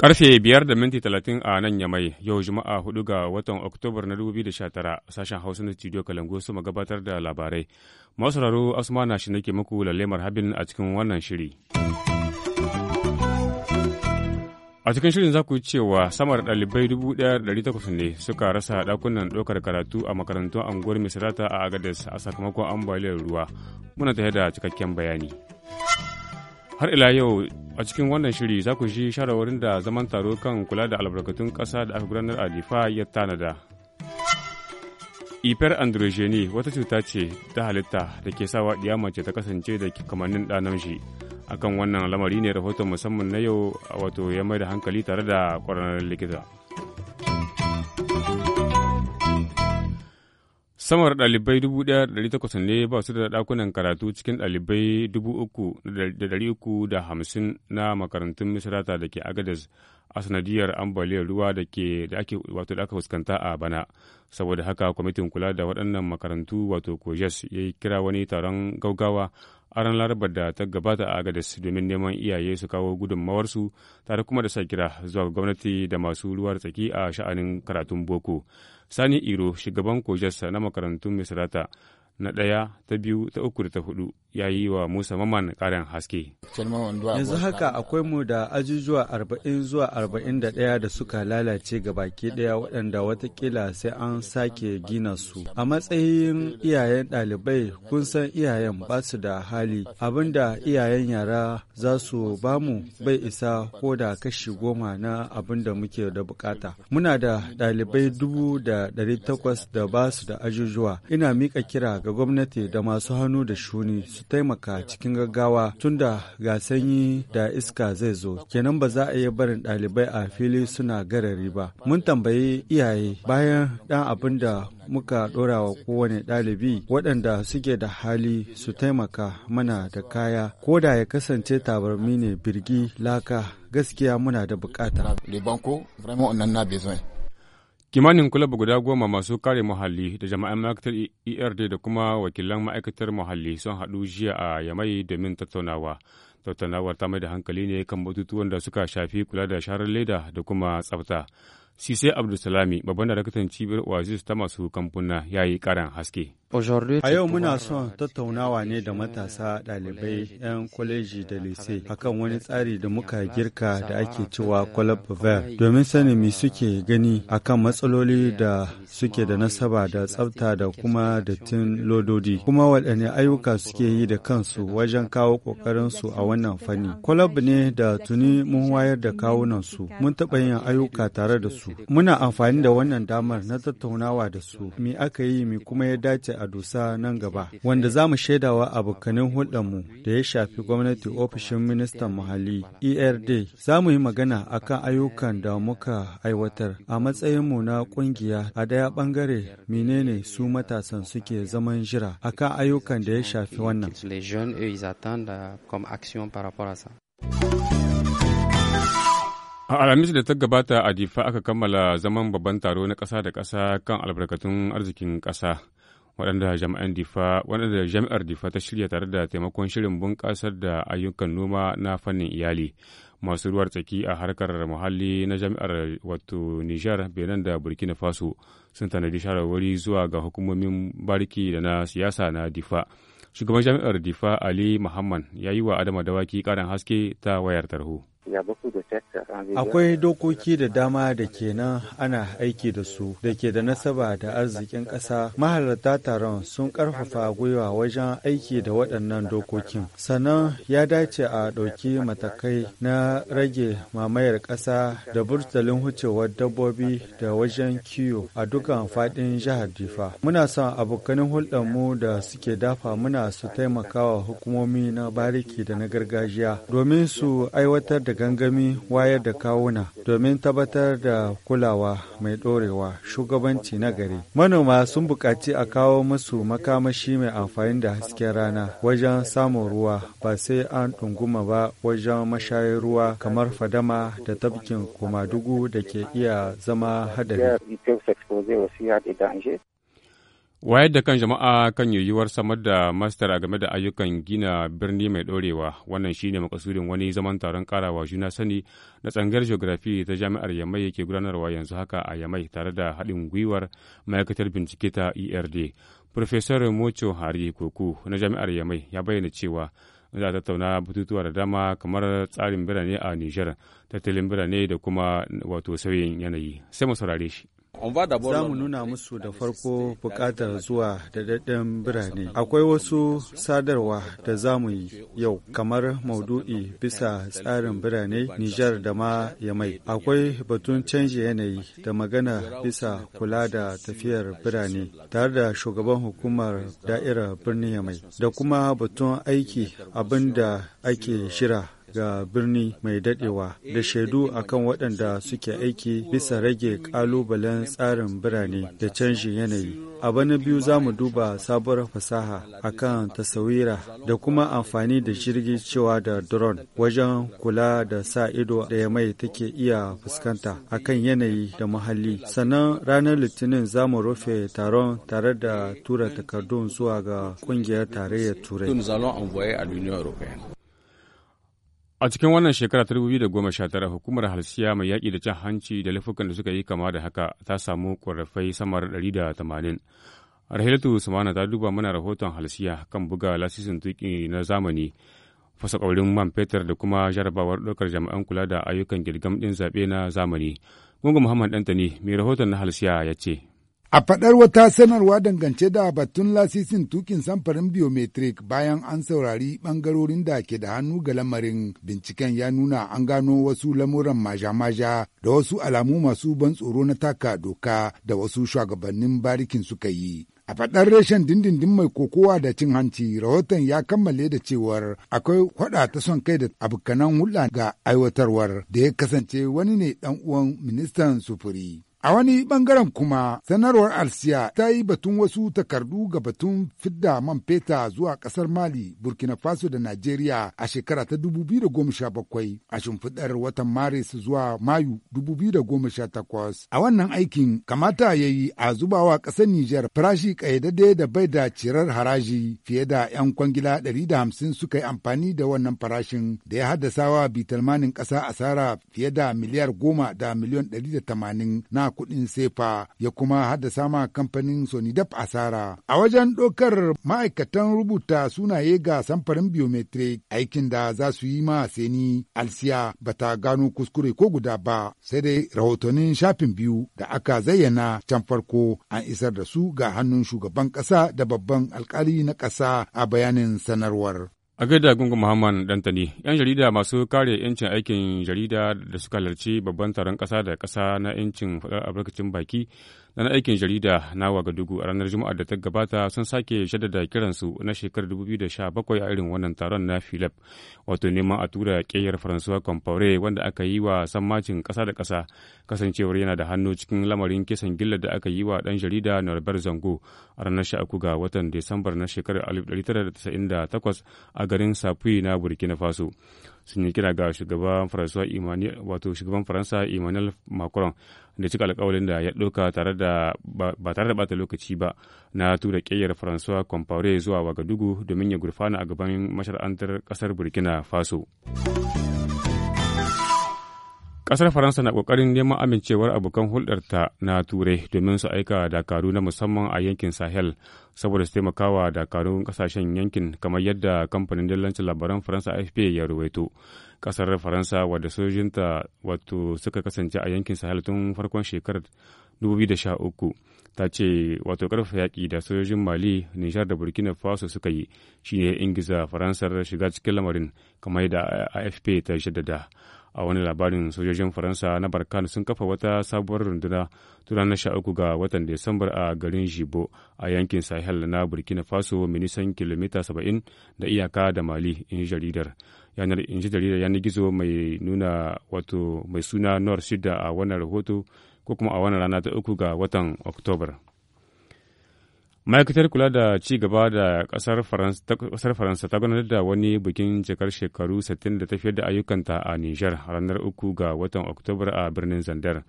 Karfe biyar da minti talatin a nan Yamai yau Juma'a hudu ga watan Oktobar na 2019 sashen Hausa na Studio Kalangu su gabatar da labarai. Masu raro na shi nake muku lalemar habin a cikin wannan shiri. A cikin shirin za ku yi cewa samar dubu sama da ɗalibai 1,800 ne suka rasa ɗakunan ɗaukar karatu a makarantun anguwar Misirata a Agadez a sakamakon ambaliyar ruwa. Muna tare da cikakken bayani. Har ila yau a cikin wannan shiri za ku ji shawarwarin da zaman taro kan kula da albarkatun ƙasa da aka gudanar a Difa ya tanada. Ifer wata cuta ce ta halitta da ke sawa ɗiya mace ta kasance da kamannin ɗanamshi. akan wannan lamari ne rahoton musamman na yau wato ya mai da hankali tare da kwararren likita samar ɗalibai 1,800 ne ba su da ɗakunan karatu cikin dalibai 3,350 na makarantun misrata da ke agadas a sanadiyar ambaliyar ruwa da ke da ake wato da aka fuskanta a bana saboda haka kwamitin kula da waɗannan makarantu wato kojes ya yi kira wani taron gaugawa a ran larabar da ta gabata a agadas domin neman iyaye su kawo gudunmawarsu tare kuma da sa kira zuwa gwamnati da masu ruwar tsaki a sha'anin karatun boko sani iro shugaban kojas na makarantun misrata na ɗaya ta biyu ta uku da ta hudu ya yi wa musa maman ƙarin haske yanzu haka akwai mu da ajujuwa arba'in zuwa arba'in da ɗaya da suka lalace ga baki ɗaya waɗanda watakila sai an sake gina su a matsayin iyayen ɗalibai kun san iyayen ba su da hali abinda iyayen yara za su bamu bai isa ko da kashi goma na abin da muke da bukata muna da ɗalibai dubu da ɗari takwas da ba su da ajujuwa ina miƙa kira da gwamnati da masu hannu da shuni su taimaka cikin gaggawa tunda ga sanyi da iska zai zo kenan ba za a yi barin ɗalibai a fili suna garari ba mun tambayi iyaye bayan ɗan abin da muka ɗora wa kowane ɗalibi waɗanda suke da hali su taimaka mana da kaya ko da ya kasance tabarmi ne birgi laka gaskiya muna da bukata. kimanin kulab guda goma masu kare muhalli da jama'an ma'aikatar erd e da kuma wakilan ma'aikatar muhalli sun haɗu jiya a yamai domin tattaunawa tattaunawar ta mai da hankali ne kan batutuwan da suka shafi kula da sharar leda da kuma tsafta Sisai Abdulsalami, babban daraktan cibiyar Oasis ta masu kamfuna ya yi karan haske. A yau muna son tattaunawa ne da matasa ɗalibai 'yan kwaleji da lise akan wani tsari da muka girka da ake cewa Club domin sani mi suke gani akan matsaloli da suke da nasaba da tsabta da kuma dattin lododi kuma waɗanne ayyuka suke yi da kansu wajen kawo ƙoƙarinsu a wannan fanni. Club ne da tuni mun wayar da kawunansu mun taɓa yin ayyuka tare da su su. Muna amfani da wannan damar na tattaunawa da su, mi aka yi mi kuma ya dace a dusa nan gaba, wanda za mu shaidawa abokanin hulɗarmu da ya shafi gwamnati ofishin ministan muhalli ERD. Za mu yi magana akan ayyukan da muka aiwatar a matsayinmu na ƙungiya a daya ɓangare menene su matasan suke zaman jira akan ayyukan da ya shafi wannan. A Alhamis da ta gabata a Difa aka kammala zaman babban taro na kasa da kasa kan albarkatun arzikin ƙasa. waɗanda jami'an difa waɗanda jami'ar difa ta shirya tare da taimakon shirin bunƙasar da ayyukan noma na fannin iyali masu ruwar tsaki a harkar muhalli na jami'ar wato nijar benin da burkina faso sun tanadi shawarwari zuwa ga hukumomin bariki da na siyasa na difa shugaban jami'ar difa ali muhammad ya yi wa adama dawaki ƙarin haske ta wayar tarho. Akwai dokoki da dama da ke nan ana aiki da su da ke da nasaba da arzikin ƙasa. Mahalarta taron sun ƙarfafa gwiwa wajen aiki da waɗannan dokokin. Sannan ya dace a ɗauki matakai na rage mamayar ƙasa da burtalin hucewar dabbobi da wajen kiyo a dukkan faɗin jihar Difa. Muna son abokanin hulɗarmu da suke dafa muna su taimakawa hukumomi na bariki da na gargajiya domin su aiwatar da gangami wayar da kawuna domin tabbatar da kulawa mai ɗorewa shugabanci na gari. Manoma sun buƙaci a kawo musu makamashi mai amfani da hasken rana wajen samun ruwa ba sai an ɗunguma ba wajen mashayar ruwa kamar fadama da tafkin kumadugu da ke iya zama hadari. wayar da kan jama'a kan yiwuwar samar da mastar game da ayyukan gina birni mai ɗorewa wannan shine makasudin wani zaman taron karawa juna sani na tsangar geography ta jami'ar yamai ke gudanarwa yanzu haka a yamai tare da haɗin gwiwar ma'aikatar bincike ta erd professor mocho hari koko na jami'ar yamai ya bayyana cewa za a tattauna batutuwa da dama kamar tsarin birane a niger tattalin birane da kuma wato sauyin yanayi sai mu saurare shi Za mu nuna musu da farko bukatar zuwa da daɗin birane. Akwai wasu sadarwa da za mu yi yau, kamar maudu'i bisa tsarin birane Nijar da ma Yamai. Akwai batun canji yanayi da magana bisa kula da tafiyar birane tare da shugaban hukumar da'irar birnin Yamai da kuma batun aiki abin da ake shira ga birni mai dadewa da shaidu akan waɗanda suke aiki bisa rage ƙalubalen tsarin birane da canjin yanayi a bana biyu za mu duba sabuwar fasaha akan tasawira da kuma amfani da jirgi cewa da drone wajen kula da sa ido da ya mai take iya fuskanta akan yanayi da muhalli sannan ranar litinin za mu rufe taron tare da tura takardun zuwa ga kungiyar tarayyar turai A cikin wannan shekara ta tara hukumar halsiya mai yaƙi da cin hanci da laifukan da suka yi kama da haka ta samu ƙwarafai samar da tamanin Rahilatu Sumana ta duba mana rahoton halsiya kan buga lasisin tuƙi na zamani, fasa ƙaurin man fetur da kuma jarabawar ɗaukar jami'an kula da ayyukan girgam ɗin zaɓe na zamani. Gungun Muhammad Ɗantani, mai rahoton na halsiya ya ce. A faɗar wata sanarwa dangance da batun lasisin tukin samfarin biometric bayan an saurari ɓangarorin da ke da hannu ga lamarin binciken ya nuna an gano wasu lamuran maja-maja da wasu alamu masu ban tsoro na taka doka da wasu shugabannin barikin suka yi. A faɗar reshen dindindin mai kokowa da cin hanci, rahoton ya kammale da cewar akwai kwaɗa ta son kai da abokanan hulɗa ga aiwatarwar da ya kasance wani ne ɗan uwan ministan sufuri. A wani bangaren kuma sanarwar Alsiya ta yi batun wasu takardu ga batun fidda man feta zuwa ƙasar Mali, Burkina Faso da Najeriya a shekara ta 2017 a shimfiɗar watan Maris zuwa Mayu 2018. A wannan aikin kamata ya yi a zubawa ƙasar Nijar farashi ƙayyadadde da bai da cirar haraji fiye da 'yan kwangila 150 suka yi amfani da wannan farashin da ya haddasa wa bitalmanin ƙasa asara fiye da miliyar goma da miliyon 180 na kuɗin sefa ya kuma haddasa ma kamfanin Sonidap asara. A wajen ɗaukar ma'aikatan rubuta sunaye ga samfarin biometric aikin da za su yi ma seni alsiya ba ta gano kuskure ko guda ba sai dai rahotonin shafin biyu da aka zayyana can farko an isar da su ga hannun shugaban ƙasa da babban alƙali na ƙasa a bayanin sanarwar. A gaida gungun Muhammad Dantani, 'yan jarida masu kare 'yancin aikin jarida da suka halarci babban taron ƙasa da ƙasa na 'yancin faɗar albarkacin baki na aikin jarida na wagadugu a ranar juma'ar da ta gabata sun sake jaddada kiransu na shekarar 2017 a irin wannan taron na philip wato neman a tura ƙeyar francois compaore wanda aka yi wa sammacin kasa da kasa kasancewar yana da hannu cikin lamarin kisan gillar da aka yi wa dan jarida norbert zango a ranar 13 ga watan disambar na shekarar 1998 a garin sapui na burkina faso sun yi kira ga shugaban wato shugaban faransa emmanuel macron da cika alkawalin da ya ɗauka ba tare da bata lokaci ba na tura ƙeyar faransuwa compaore zuwa wagadugu domin ya gurfana a gaban mashar'antar ƙasar burkina faso. Ƙasar Faransa na ƙoƙarin neman amincewar abokan hulɗarta na Turai domin su aika dakaru na musamman a yankin Sahel saboda su taimakawa dakarun ƙasashen yankin kamar yadda kamfanin dillancin labaran Faransa AFP ya ruwaito. Ƙasar Faransa wadda sojinta wato suka kasance a yankin Sahel tun farkon shekarar 2013 ta ce wato ƙarfafa yaƙi da sojojin Mali, Nijar da Burkina Faso suka yi shine ingiza Faransar shiga cikin lamarin kamar yadda AFP ta shaddada. a wani labarin sojojin faransa na barkan sun kafa wata sabuwar runduna tun na sha uku ga watan desambar a garin jibo a yankin sahel na burkina faso minisan kilomita saba'in da iyaka da mali in jaridar yanar in ji jaridar yanar gizo mai nuna wato mai suna nor shida a wannan rahoto ko kuma a wannan rana ta uku ga watan oktobar ma'aikatar kula da ci gaba da kasar faransa ta gudanar da wani bikin jakar shekaru 60 da tafiyar da ayyukanta a nijar ranar uku ga watan oktobar a birnin zandar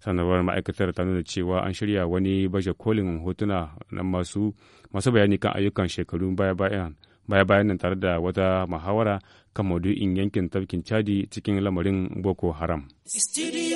sanarwar ma'aikatar ta nuna cewa an shirya wani baje kolin hotuna na masu masu bayani kan ayyukan shekaru baya-bayan nan tare da wata mahawara kan maudu'in yankin tafkin chadi cikin lamarin boko haram. Studio.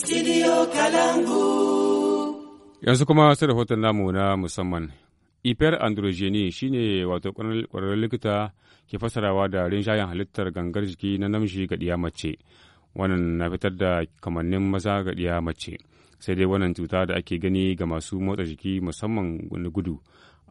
Studio Kalangu. Yanzu kuma sai rahoton namu na musamman. Iper shi shine wato ƙwararren likita ke fasarawa da rinjayen halittar gangar jiki na namshi ga ɗiya mace. Wannan na fitar da kamannin maza ga ɗiya mace. Sai dai wannan cuta da ake gani ga masu motsa jiki musamman gudu.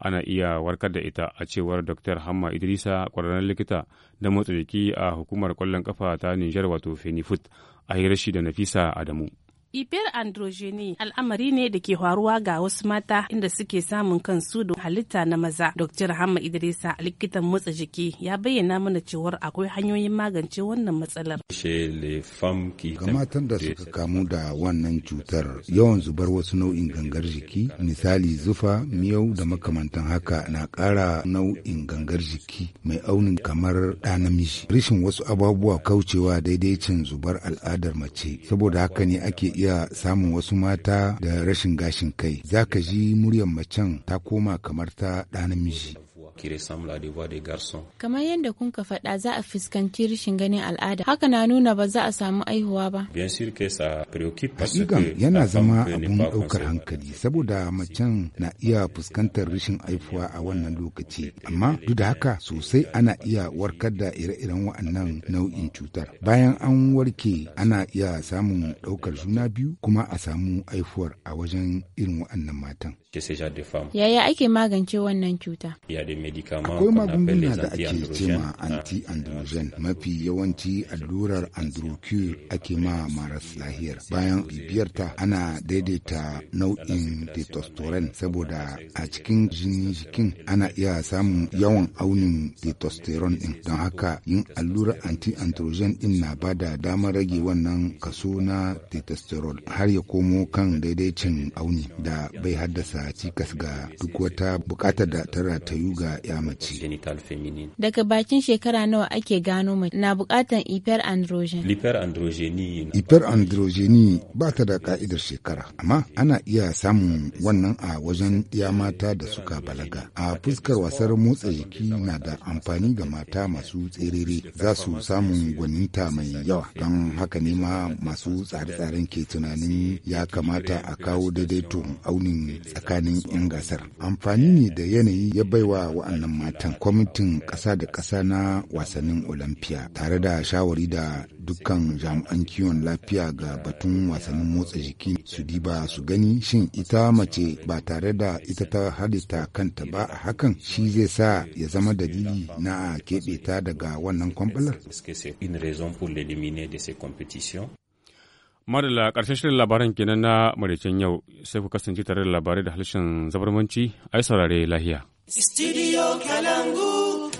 ana iya warkar da ita a cewar Dr. Hamma Idrisa ƙwararren likita da motsa jiki a hukumar kwallon kafa ta Nijar wato Fenifut a rashi da Nafisa Adamu. Iber androgyny al'amari ne da ke faruwa ga wasu mata inda suke samun kansu da halitta na maza. Dr. Hamma Idrisa likitan motsa jiki ya bayyana mana cewar akwai hanyoyin magance wannan matsalar. Ga matan da suka kamu da wannan cutar yawan zubar wasu nau'in gangar jiki misali zufa, miyau da makamantan haka na ƙara nau'in gangar jiki mai aunin kamar ɗa namiji. Rishin wasu ababuwa kaucewa daidaicin zubar al'adar mace saboda haka ne ake iya samun wasu mata da rashin gashin kai. Za ka ji muryar macen ta koma kamar ta ɗa namiji. ki Kamar yadda kun ka faɗa za a fuskanci rashin ganin al'ada. Haka na nuna ba za a samu aihuwa ba. Bien sûr que ça préoccupe que yana zama abun ɗaukar hankali saboda macen na iya fuskantar rashin aihuwa a wannan lokaci. Amma duk da haka sosai ana iya warkar da ire-iren wa'annan nau'in cutar. Bayan an warke ana iya samun ɗaukar juna biyu kuma a samu aihuwar a wajen irin wa'annan matan. Yaya ake magance wannan cuta? Akwai magunguna da ake cema ah, anti-androgen mafi yawanci allurar androcure ake ma maras lahiyar. Bayan ta ana daidaita nau'in testosterone saboda a cikin jini jikin ana iya samun yawan aunin testosterone din don haka yin allurar anti-androgen din na bada damar rage wannan kaso na testosterone har ya komo kan daidaicin auni da bai haddasa haddasa cikas ga duk wata bukata da ta ratayu ga ya mace. Daga bakin shekara nawa ake gano mace na bukatan hyperandrogen. Hyperandrogeni ba ta da ka'idar shekara, amma ana iya samun wannan a wajen ya mata da suka balaga. A fuskar wasar motsa jiki na da amfani ga mata masu tserere za su samun gwaninta mai yawa don haka ne ma masu tsare-tsaren ke tunanin ya kamata a kawo daidaito aunin tsakanin tsakanin 'yan gasar. Amfani ne da yanayi ya baiwa wa'annan matan kwamitin ƙasa da ƙasa na wasannin Olamfiya tare da shawari da dukkan jami'an kiwon lafiya ga batun wasannin motsa jiki su diba su gani shin ita mace ba tare da ita ta hadita kanta ba a hakan shi zai sa ya zama dalili na a keɓe ta daga wannan kwamfalar. Madalla ƙarshen shirin labaran kenan na maraicen yau sai ku kasance tare da labarai da harshen zabarmanci ai saurare lahiya. Studio Kalangu.